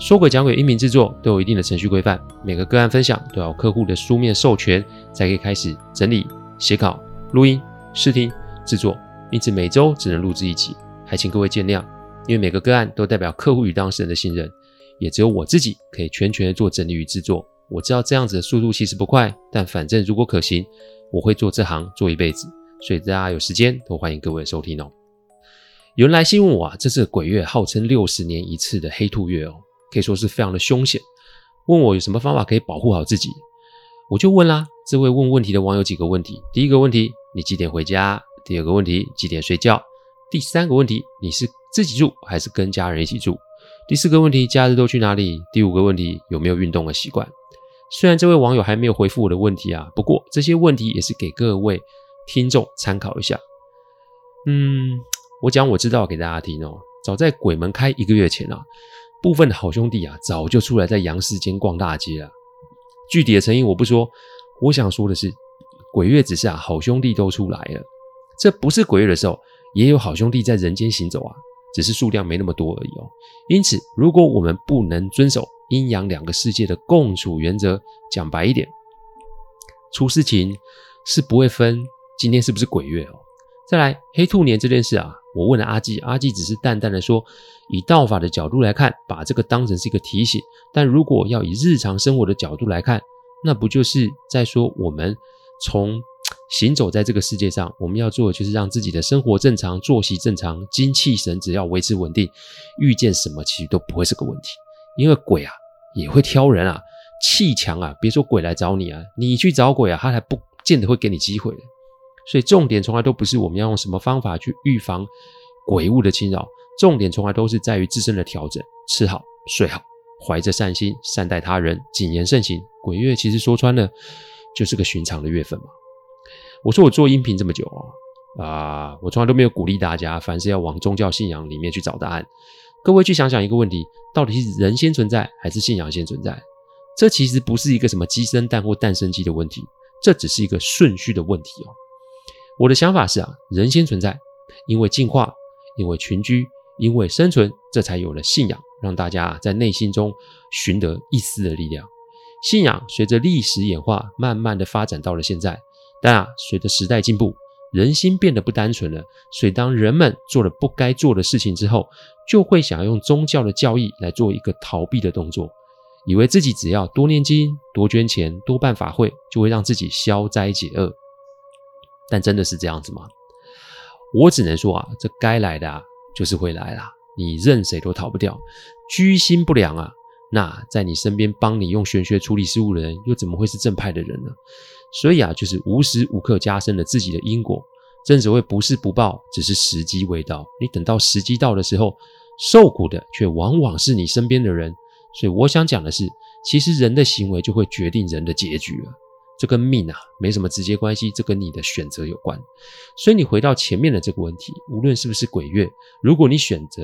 說鬼講鬼音頻製作都有一定的程序規範，每個個案分享都要有客戶的書面授權，才可以開始整理、寫稿、錄音、試聽、製作，因此每周只能錄製一集，還請各位見諒。因為每個個案都代表客戶與當事人的信任，也只有我自己可以全權做整理與製作。我知道這樣子的速度其實不快，但反正如果可行，我會做這行做一輩子。所以大家有時間都歡迎各位收聽哦。有人來信問我啊，這是鬼月，號稱六十年一次的黑兔月哦。可以說是非常的兇險。問我有什麼方法可以保護好自己，我就問啦。這位問問題的網友幾個問題：第一個問題，你幾點回家？第二個問題，幾點睡覺？第三個問題，你是自己住還是跟家人一起住？第四個問題，假日都去哪裡？第五個問題，有沒有運動的習慣？雖然這位網友還沒有回復我的問題啊，不過這些問題也是給各位聽眾參考一下。嗯，我講我知道給大家聽哦。早在鬼門開一個月前啊。部分的好兄弟啊，早就出來在陽世間逛大街了。具體的成因我不說，我想說的是，鬼月只是啊好兄弟都出來了。這不是鬼月的時候，也有好兄弟在人間行走啊，只是數量沒那麼多而已哦。因此，如果我們不能遵守陰陽兩個世界的共處原則，講白一點，出事情是不會分今天是不是鬼月哦。再來黑兔年這件事啊。我問了阿基，阿基只是淡淡的說：“以道法的角度來看，把這個當成是一個提醒；但如果要以日常生活的角度來看，那不就是在說我們從行走在這個世界上，我們要做的就是讓自己的生活正常、作息正常、精氣神只要維持穩定，遇見什麼其實都不會是個問題。因為鬼啊也會挑人啊，氣強啊，別說鬼來找你啊，你去找鬼啊，他還不見得會給你機會。”所以重點從來都不是我們要用什麼方法去預防鬼物的侵擾，重點從來都是在於自身的調整，吃好睡好，懷着善心善待他人，謹言慎行。鬼月其實說穿了就是個尋常的月份嘛。我說我做音頻這麼久啊、哦、啊、呃，我從來都沒有鼓勵大家凡事要往宗教信仰裡面去找答案。各位去想想一個問題：到底是人先存在還是信仰先存在？這其實不是一個什麼雞生蛋或蛋生雞的問題，這只是一個順序的問題哦。我的想法是啊，人心存在，因為進化，因為群居，因為生存，這才有了信仰，讓大家在內心中尋得一絲的力量。信仰隨着歷史演化，慢慢的發展到了現在。但啊，隨着時代進步，人心變得不單純了，所以當人們做了不該做的事情之後，就會想用宗教的教義來做一個逃避的動作，以為自己只要多念經、多捐錢、多辦法會，就會讓自己消災解厄。但真的是這樣子嗎？我只能說啊，這該來的啊，就是會來啦，啊，你任誰都逃不掉。居心不良啊，那在你身邊幫你用玄學處理事務的人，又怎麼會是正派的人呢？所以啊，就是無時無刻加深了自己的因果，正所謂不是不報，只是時機未到。你等到時機到的時候，受苦的卻往往是你身邊的人。所以我想講的是，其實人的行為就會決定人的結局了。這跟命啊沒什麼直接關係，這跟你的選擇有關。所以你回到前面的這個問題，無論是不是鬼月，如果你選擇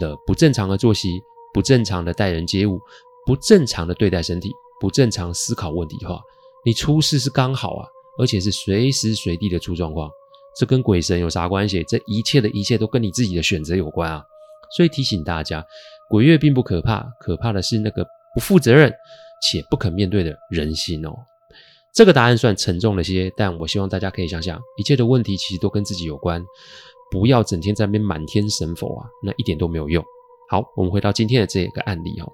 了不正常的作息、不正常的待人接物、不正常的對待身體、不正常思考問題的話，你出事是剛好啊，而且是隨時隨地的出狀況。這跟鬼神有啥關係？這一切的一切都跟你自己的選擇有關啊。所以提醒大家，鬼月並不可怕，可怕的是那個不負責任且不可面對的人心哦。這個答案算沉重了些，但我希望大家可以想想，一切的問題其實都跟自己有關，不要整天在那邊滿天神佛啊，那一點都沒有用。好，我們回到今天的這個案例哦，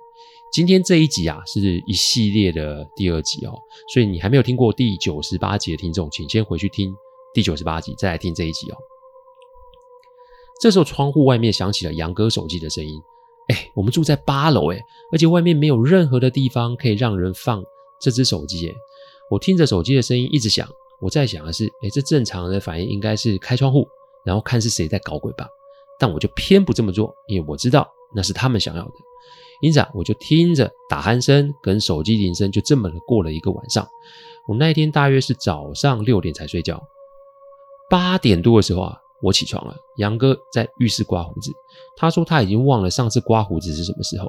今天這一集啊是一系列的第二集哦，所以你還沒有聽過第九十八集的聽眾，請先回去聽第九十八集，再來聽這一集哦。這時候窗戶外面響起了楊哥手機的聲音，哎，我們住在八樓哎，而且外面沒有任何的地方可以讓人放這隻手機哎。我聽着手機的聲音一直響，我在想的是，哎，這正常人的反應應該是開窗戶，然後看是誰在搞鬼吧。但我就偏不這麼做，因為我知道那是他們想要的。因此，啊，我就聽着打鼾聲跟手機鈴聲，就這麼的過了一個晚上。我那一天大約是早上六點才睡覺，八點多的時候啊，我起床了。楊哥在浴室刮鬍子，他說他已經忘了上次刮鬍子是什麼時候。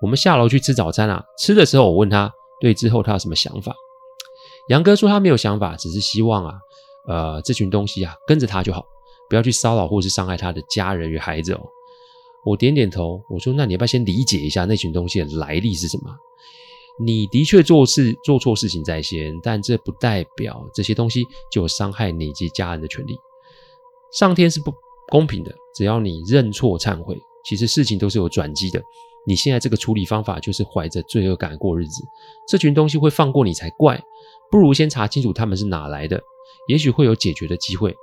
我們下樓去吃早餐啊，吃的時候我問他，對之後他有什麼想法？揚哥說他沒有想法，只是希望啊，呃，這群東西啊跟着他就好，不要去騷擾或是傷害他的家人與孩子哦。我點點頭，我說那你要不要先理解一下那群東西的來歷是什麼？你的確做事做錯事情在先，但這不代表這些東西就有傷害你及家人的權利。上天是不公平的，只要你認錯懺悔，其實事情都是有轉機的。你現在這個處理方法就是懷着罪惡感過日子，這群東西會放過你才怪。不如先查清楚他們是哪來的，也許會有解決的機會。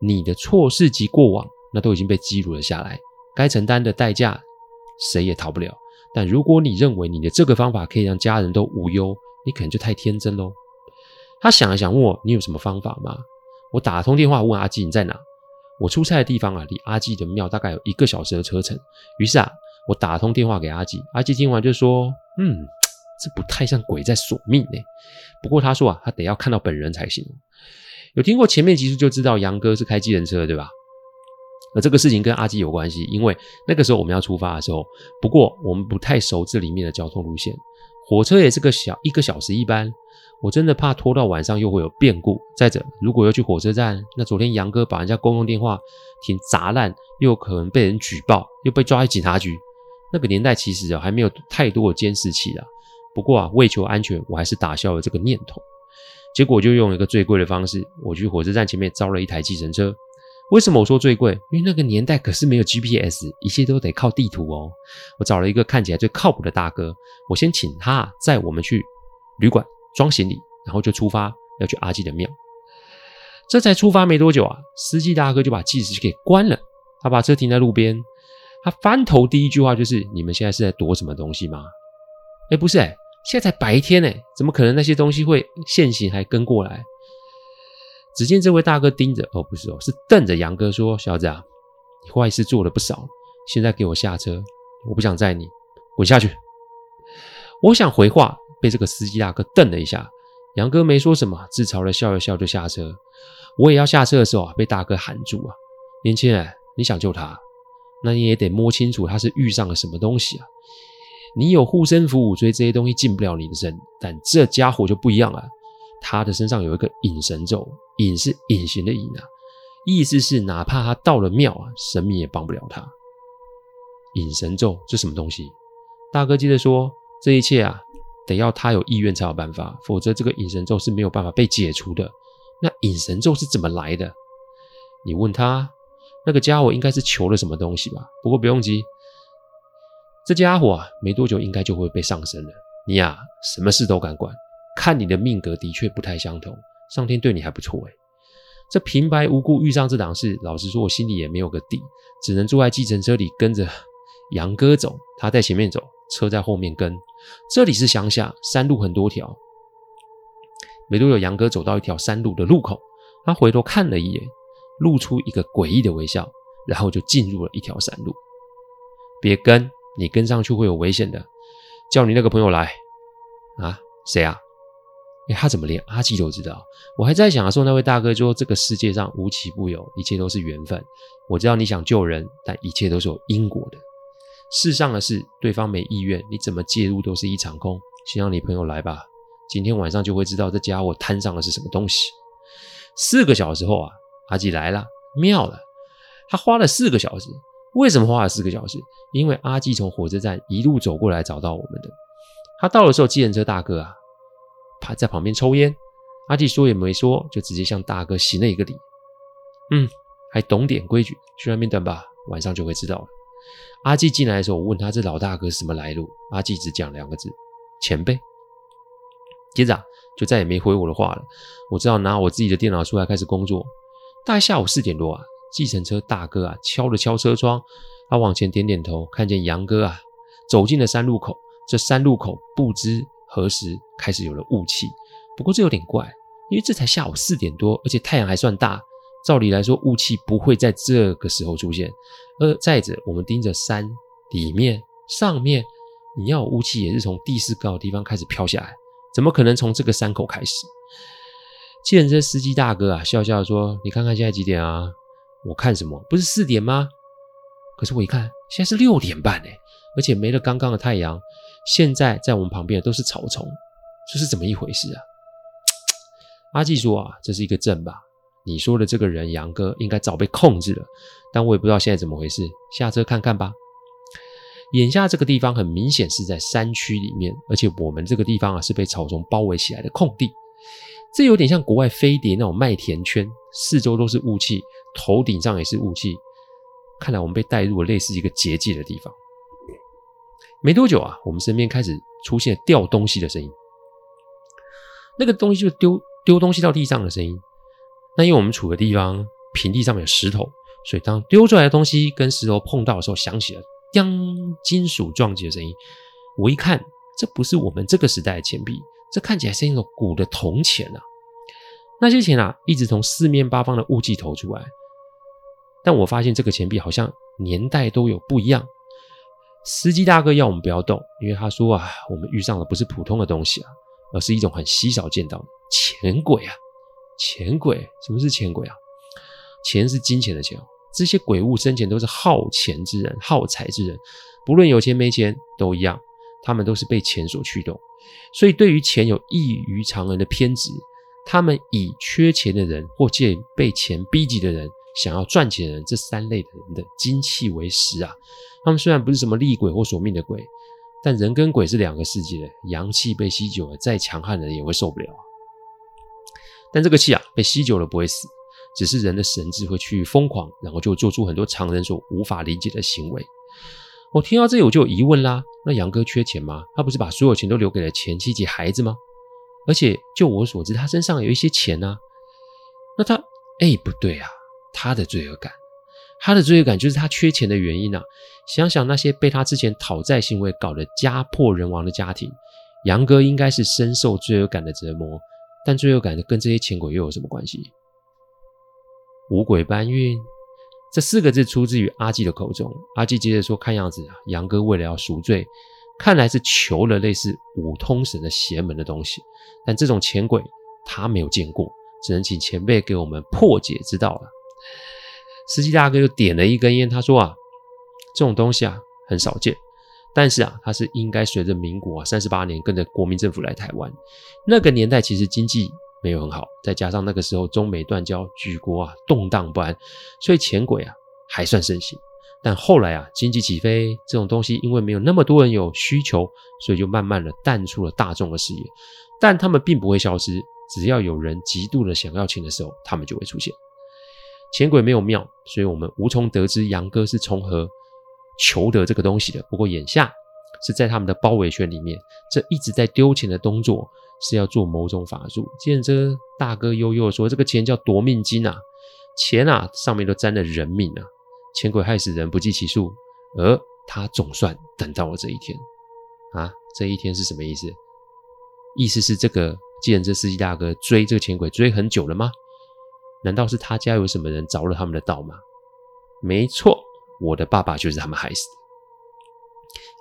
你的錯事及過往，那都已經被記錄了下來，該承擔的代價，誰也逃不了。但如果你認為你的這個方法可以讓家人都無憂，你可能就太天真嘍。他想了想，問我：“你有什麼方法嗎？”我打通電話問阿基：“你在哪？”我出差的地方啊，離阿基的廟大概有一個小時的車程。於是啊，我打通電話給阿基，阿基聽完就說：“嗯。”這不太像鬼在索命呢、欸。不過他說啊，他得要看到本人才行。有聽過前面集數就知道楊哥是開計程車的，對吧？那這個事情跟阿基有關係，因為那個時候我們要出發的時候，不過我們不太熟這裡面的交通路線。火車也是個小，一個小時一班。我真的怕拖到晚上又會有變故。再者，如果要去火車站，那昨天楊哥把人家公用電話亭砸爛，又可能被人舉報，又被抓去警察局。那個年代其實啊，還沒有太多的監視器啊。不過啊，為求安全，我還是打消了這個念頭。結果就用一個最貴的方式，我去火車站前面招了一台計程車。為什麼我說最貴？因為那個年代可是沒有 GPS，一切都得靠地圖哦。我找了一個看起來最靠譜的大哥，我先請他載我們去旅館裝行李，然後就出發要去阿基的廟。這才出發沒多久啊，司機大哥就把計時器給關了，他把車停在路邊。他翻頭第一句話就是：“你們現在是在躲什麼東西嗎？”誒，不是誒。現在才白天呢、欸，怎麼可能那些東西會現形還跟過來？只見這位大哥盯着，哦，不是哦，是瞪着楊哥說：“小子啊，你壞事做了不少，現在給我下車，我不想載你，滾下去！”我想回話，被這個司機大哥瞪了一下。楊哥沒說什麼，自嘲地笑一笑就下車。我也要下車的時候啊，被大哥喊住啊：“年輕人，你想救他，那你也得摸清楚他是遇上了什麼東西啊！”你有護身符，所以這些東西進不了你的身，但這傢伙就不一樣了。他的身上有一個隱神咒，隱是隱形的隱啊，意思是哪怕他到了廟啊，神明也幫不了他。隱神咒，這是什麼東西？大哥接着說，這一切啊，得要他有意願才有辦法，否則這個隱神咒是沒有辦法被解除的。那隱神咒是怎麼來的？你問他，那個家伙應該是求了什麼東西吧？不過不用急。這家伙啊，沒多久應該就會被上身了。你呀、啊，什麼事都敢管，看你的命格的確不太相同，上天對你還不錯誒。這平白無故遇上這檔事，老實說，我心裡也沒有個底，只能坐在計程車裡跟着楊哥走，他在前面走，車在後面跟。這裡是鄉下，山路很多條。沒多久，楊哥走到一條山路的路口，他回頭看了一眼，露出一個詭異的微笑，然後就進入了一條山路。別跟。你跟上去會有危險的，叫你那個朋友來，啊，誰啊？誒，他怎麼連阿紀都知道？我還在想啊，說那位大哥說，這個世界上無奇不有，一切都是緣分。我知道你想救人，但一切都是有因果的。世上的事，對方沒意願，你怎麼介入都是一場空。先讓你朋友來吧，今天晚上就會知道這家伙攤上的是什麼東西。四個小時後啊，阿紀來了，妙了，他花了四個小時。為什麼花了四個小時？因為阿季從火車站一路走過來找到我們的。他到的時候，計程車大哥啊，趴在旁邊抽煙。阿季說也沒說，就直接向大哥行了一個禮。嗯，還懂點規矩，去外面等吧，晚上就會知道了。阿季進來的時候，我問他這老大哥是什麼來路？阿季只講兩個字：前輩。接着、啊、就再也沒回我的話了。我只好拿我自己的電腦出來開始工作，大概下午四點多啊。計程車大哥啊，敲了敲車窗，他、啊、往前點點頭，看見楊哥啊走進了山路口。這山路口不知何時開始有了霧氣，不過這有點怪，因為這才下午四點多，而且太陽還算大，照理來說霧氣不會在這個時候出現。而再者，我們盯着山裡面、上面，你要霧氣也是從地勢高的地方開始飄下來，怎麼可能從這個山口開始？計程車司機大哥啊，笑笑說：“你看看現在幾點啊？”我看什麼？不是四點嗎？可是我一看，現在是六點半哎，而且沒了剛剛的太陽，現在在我們旁邊的都是草叢，這、就是怎麼一回事啊？咳咳阿紀說啊，這是一個陣吧？你說的這個人楊哥應該早被控制了，但我也不知道現在怎麼回事，下車看看吧。眼下這個地方很明顯是在山區裡面，而且我們這個地方啊是被草叢包圍起來的空地，這有點像國外飛碟那種麥田圈，四周都是霧氣。頭頂上也是霧氣，看來，我們被帶入了類似一個結界的地方。沒多久啊，我們身邊開始出現了掉東西的聲音，那個東西就是丟丟東西到地上的聲音。那因為我們處的地方平地上面有石頭，所以當丟出來的東西跟石頭碰到的時候，響起了“叮”金屬撞擊的聲音。我一看，這不是我們這個時代的錢幣，這看起來是一種古的銅錢啊。那些錢啊，一直從四面八方的霧氣投出來。但我發現這個錢幣好像年代都有不一樣。司機大哥要我們不要動，因為他說啊，我們遇上的不是普通的東西啊，而是一種很稀少見到的錢鬼啊。錢鬼？什麼是錢鬼啊？錢是金錢的錢哦，這些鬼物生前都是好錢之人、好財之人，不論有錢沒錢都一樣，他們都是被錢所驅動。所以對於錢有異於常人的偏執，他們以缺錢的人或借被錢逼急的人。想要賺錢的人，這三類的人的精氣為食啊。他們雖然不是什麼厲鬼或索命的鬼，但人跟鬼是兩個世界的，陽氣被吸久了，再強悍的人也會受不了啊。但這個氣啊，被吸久了不會死，只是人的神智會趨於瘋狂，然後就做出很多常人所無法理解的行為。我聽到這裡我就有疑問啦啊。那楊哥缺錢嗎？他不是把所有錢都留給了前妻及孩子嗎？而且就我所知，他身上有一些錢呢啊。那他，哎，不對啊。他的罪惡感，他的罪惡感就是他缺錢的原因啊！想想那些被他之前討債行為搞得家破人亡的家庭，楊哥應該是深受罪惡感的折磨。但罪惡感跟這些錢鬼又有什麼關係？五鬼搬運這四個字出自於阿繼的口中。阿繼接着說：“看樣子啊，楊哥為了要贖罪，看來是求了類似五通神的邪門的東西。但這種錢鬼他沒有見過，只能請前輩給我們破解之道了。”司機大哥又點了一根煙，他說：“啊，這種東西啊很少見，但是啊，它是應該隨着民國啊三十八年跟着國民政府來台灣。那個年代其實經濟沒有很好，再加上那個時候中美斷交，舉國啊動盪不安，所以錢鬼啊還算盛行。但後來啊，經濟起飛，這種東西因為沒有那麼多人有需求，所以就慢慢的淡出了大眾的視野。但他們並不會消失，只要有人極度的想要錢的時候，他們就會出現。”錢鬼沒有廟，所以我們無從得知楊哥是從何求得這個東西的。不過眼下是在他們的包圍圈裡面，這一直在丟錢的動作是要做某種法術。既然這大哥悠悠說這個錢叫奪命金啊，錢啊上面都沾了人命啊，錢鬼害死人不計其數，而他總算等到了這一天啊，這一天是什麼意思？意思是這個，既然這司機大哥追這個錢鬼追很久了嗎？難道是他家有什麼人着了他們的道嗎？沒錯，我的爸爸就是他們害死的。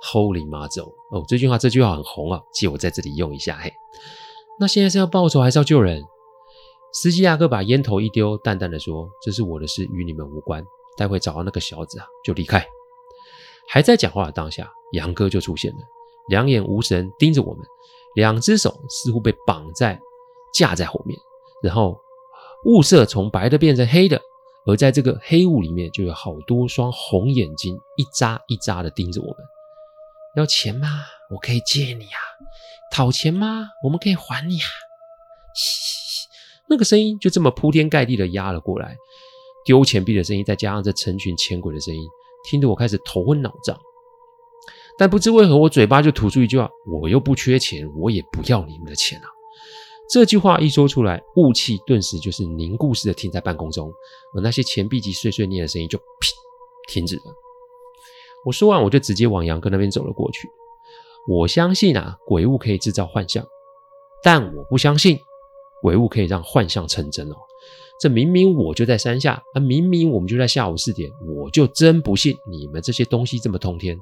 Holy 媽祖哦，這句話，這句話很紅啊，借我在這裡用一下嘿。那現在是要報仇還是要救人？司機大哥把煙頭一丟，淡淡的說：“這是我的事，與你們無關。待會找到那個小子啊，就離開。”還在講話的當下，楊哥就出現了，兩眼無神盯着我們，兩隻手似乎被綁在架在後面，然後。霧色從白的變成黑的，而在這個黑霧裡面，就有好多雙紅眼睛一眨一眨的盯着我們。要錢嗎？我可以借你啊。討錢嗎？我們可以還你啊。嘻嘻，那個聲音就這麼鋪天蓋地的壓了過來，丟錢幣的聲音，再加上這成群錢鬼的聲音，聽得我開始頭昏腦脹。但不知為何，我嘴巴就吐出一句話：我又不缺錢，我也不要你們的錢啊。這句話一說出來，霧氣頓時就是凝固似的停在半空中，而那些錢幣及碎碎念的聲音就噼，停止了。我說完，我就直接往楊哥那邊走了過去。我相信啊，鬼物可以製造幻象，但我不相信鬼物可以讓幻象成真哦。這明明我就在山下，啊，明明我們就在下午四點，我就真不信你們這些東西這麼通天。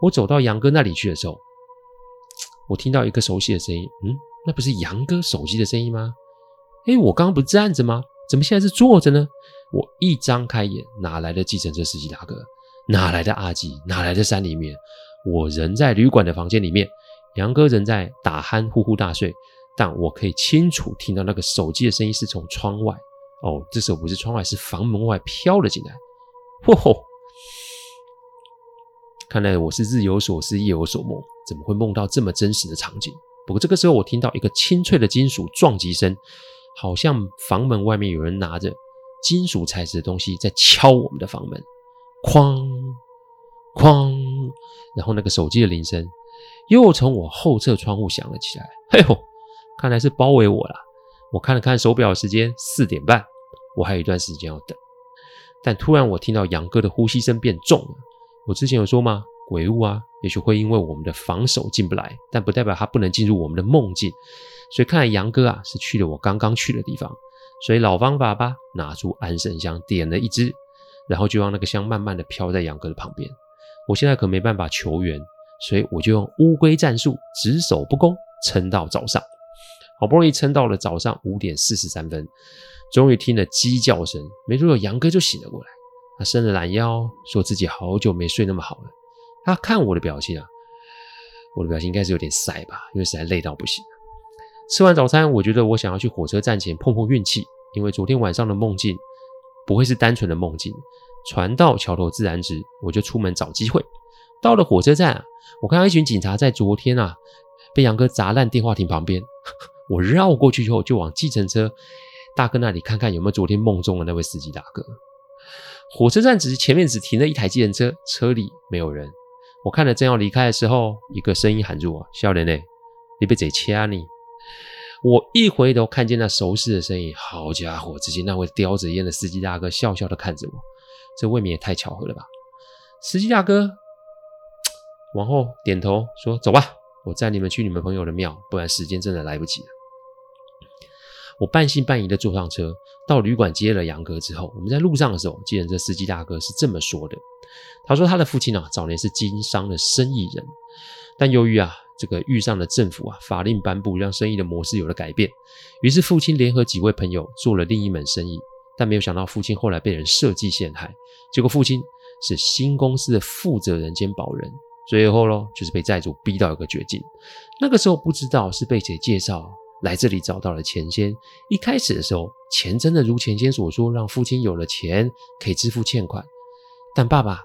我走到楊哥那裡去的時候，我聽到一個熟悉的聲音，嗯？那不是楊哥手機的聲音嗎？哎、欸，我剛剛不是站着嗎？怎麼現在是坐着呢？我一張開眼，哪來的計程車司機大哥？哪來的阿吉？哪來的山裡面？我人在旅館的房間裡面，楊哥人在打鼾呼呼大睡，但我可以清楚聽到那個手機的聲音是從窗外。哦，這時候不是窗外，是房門外飄了進來。嚯、哦、嚯！看來我是日有所思，夜有所夢，怎麼會夢到這麼真實的場景？不過這個時候，我聽到一個清脆的金屬撞擊聲，好像房門外面有人拿着金屬材質的東西在敲我們的房門，哐，哐，然後那個手機的鈴聲又從我後側窗戶響了起來，嘿呦，看來是包圍我了。我看了看手表的時間，四點半，我還有一段時間要等。但突然我聽到楊哥的呼吸聲變重了，我之前有說嗎？鬼物啊，也許會因為我們的防守進不來，但不代表他不能進入我們的夢境。所以看來楊哥啊是去了我剛剛去的地方。所以老方法吧，拿出安神香點了一支，然後就讓那個香慢慢的飄在楊哥的旁邊。我現在可沒辦法求援，所以我就用烏龜戰術，只守不攻，撐到早上。好不容易撐到了早上五點四十三分，終於聽了雞叫聲，沒多久楊哥就醒了過來。他伸了懶腰，說自己好久沒睡那麼好了。他、啊、看我的表情啊，我的表情應該是有點塞吧，因為實在累到不行、啊。吃完早餐，我覺得我想要去火車站前碰碰運氣，因為昨天晚上的夢境不會是單純的夢境。船到橋頭自然直，我就出門找機會。到了火車站啊，我看到一群警察在昨天啊被楊哥砸爛電話亭旁邊。我繞過去之後，就往計程車大哥那裡看看有沒有昨天夢中的那位司機大哥。火車站只是前面只停了一台計程車，車裡沒有人。我看了，正要離開的時候，一個聲音喊住我：“小林嘞你被賊掐你！”我一回頭，看見那熟悉的身影，好家伙，只見那位叼着煙的司機大哥，笑笑的看着我，這未免也太巧合了吧！司機大哥，嘖，往後點頭說：“走吧，我載你們去你們朋友的廟，不然時間真的來不及了。”我半信半疑的坐上車，到旅館接了楊哥之後，我們在路上的時候，記得這司機大哥是這麼說的。他說他的父親呢、啊，早年是經商的生意人，但由於啊這個遇上了政府啊法令頒布，讓生意的模式有了改變，於是父親聯合幾位朋友做了另一門生意，但沒有想到父親後來被人設計陷害，結果父親是新公司的負責人兼保人，最後呢就是被債主逼到一個絕境。那個時候不知道是被誰介紹。來這裡找到了錢仙，一開始的時候，錢真的如錢仙所說，讓父親有了錢可以支付欠款。但爸爸、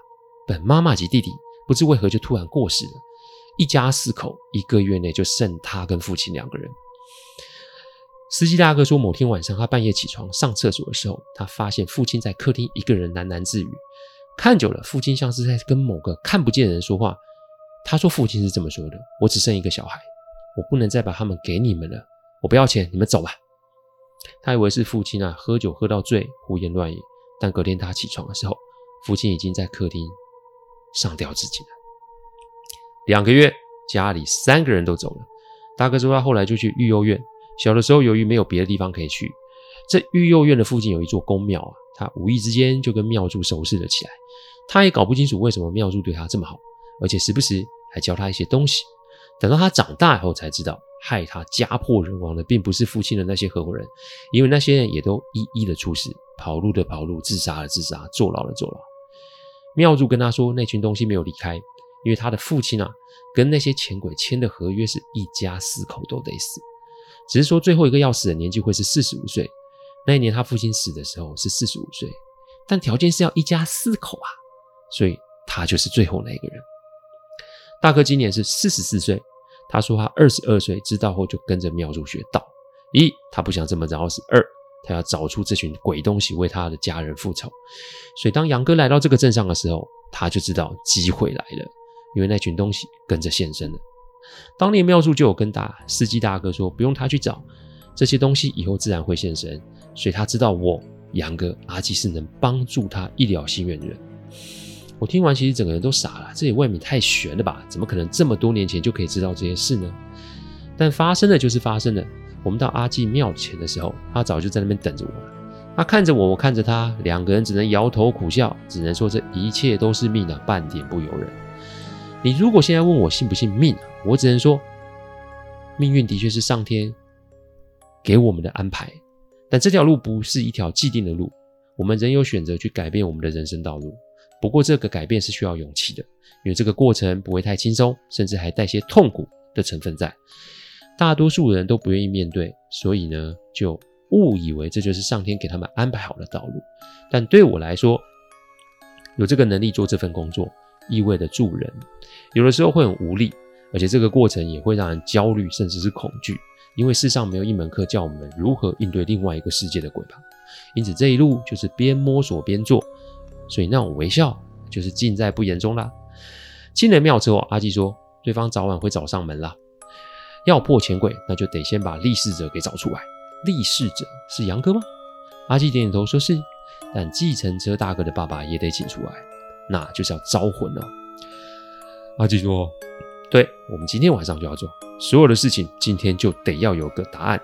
本媽媽及弟弟不知為何就突然過世了，一家四口一個月內就剩他跟父親兩個人。司機大哥說，某天晚上他半夜起床上廁所的時候，他發現父親在客廳一個人喃喃自語，看久了，父親像是在跟某個看不見的人說話。他說：“父親是這麼說的，我只剩一個小孩，我不能再把他們給你們了。”我不要錢，你們走吧。他以為是父親啊，喝酒喝到醉，胡言亂語。但隔天他起床的時候，父親已經在客廳上吊自盡了。兩個月，家裡三個人都走了。大哥說他後來就去育幼院。小的時候，由於沒有別的地方可以去，這育幼院的附近有一座宮廟啊，他無意之間就跟廟祝熟識了起來。他也搞不清楚為什麼廟祝對他這麼好，而且時不時還教他一些東西。等到他長大以後才知道。害他家破人亡的，並不是父親的那些合夥人，因為那些人也都一一的出事，跑路的跑路，自殺的自殺，坐牢的坐牢。廟祝跟他說，那群東西沒有離開，因為他的父親啊，跟那些錢鬼簽的合約是一家四口都得死，只是說最後一個要死的年紀會是四十五歲。那一年他父親死的時候是四十五歲，但條件是要一家四口啊，所以他就是最後那一個人。大哥今年是四十四歲。他說他二十二歲，知道後就跟着廟祝學道。一，他不想這麼早死；二，他要找出這群鬼東西為他的家人復仇。所以當揚哥來到這個鎮上的時候，他就知道機會來了，因為那群東西跟着現身了。當年廟祝就有跟大司機大哥說，不用他去找這些東西，以後自然會現身。所以他知道我揚哥阿吉是能幫助他一了心願的人。我聽完，其實整個人都傻了。這也未免太玄了吧？怎麼可能這麼多年前就可以知道這些事呢？但發生的就是發生了。我們到阿紀廟前的時候，他早就在那邊等着我了。他看着我，我看着他，兩個人只能搖頭苦笑，只能說這一切都是命啊，半點不由人。你如果現在問我信不信命啊，我只能說，命運的確是上天給我們的安排，但這條路不是一條既定的路，我們仍有選擇去改變我們的人生道路。不過，這個改變是需要勇氣的，因為這個過程不會太輕鬆，甚至還帶些痛苦的成分在。大多數人都不願意面對，所以呢，就誤以為這就是上天給他們安排好的道路。但對我來說，有這個能力做這份工作，意味着助人，有的時候會很無力，而且這個過程也會讓人焦慮，甚至是恐懼，因為世上沒有一門課教我們如何應對另外一個世界的鬼吧。因此，這一路就是邊摸索邊做。所以那種微笑，就是盡在不言中啦。進了廟之後，阿基說，對方早晚會找上門啦，要破錢櫃，那就得先把立誓者給找出來。立誓者是楊哥嗎？阿基點點頭，說是。但計程車大哥的爸爸也得請出來，那就是要招魂了。阿基說，對，我們今天晚上就要做。所有的事情，今天就得要有個答案。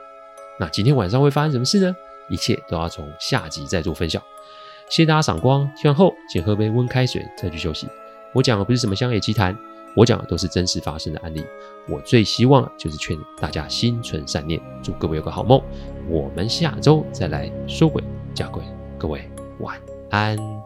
那今天晚上會發生什麼事呢？一切都要從下集再做分曉。謝謝大家賞光，聽完後請喝杯溫開水再去休息。我講的不是什麼鄉野奇談，我講的都是真實發生的案例。我最希望的就是勸大家心存善念，祝各位有個好夢。我們下周再來說鬼、講鬼。各位晚安。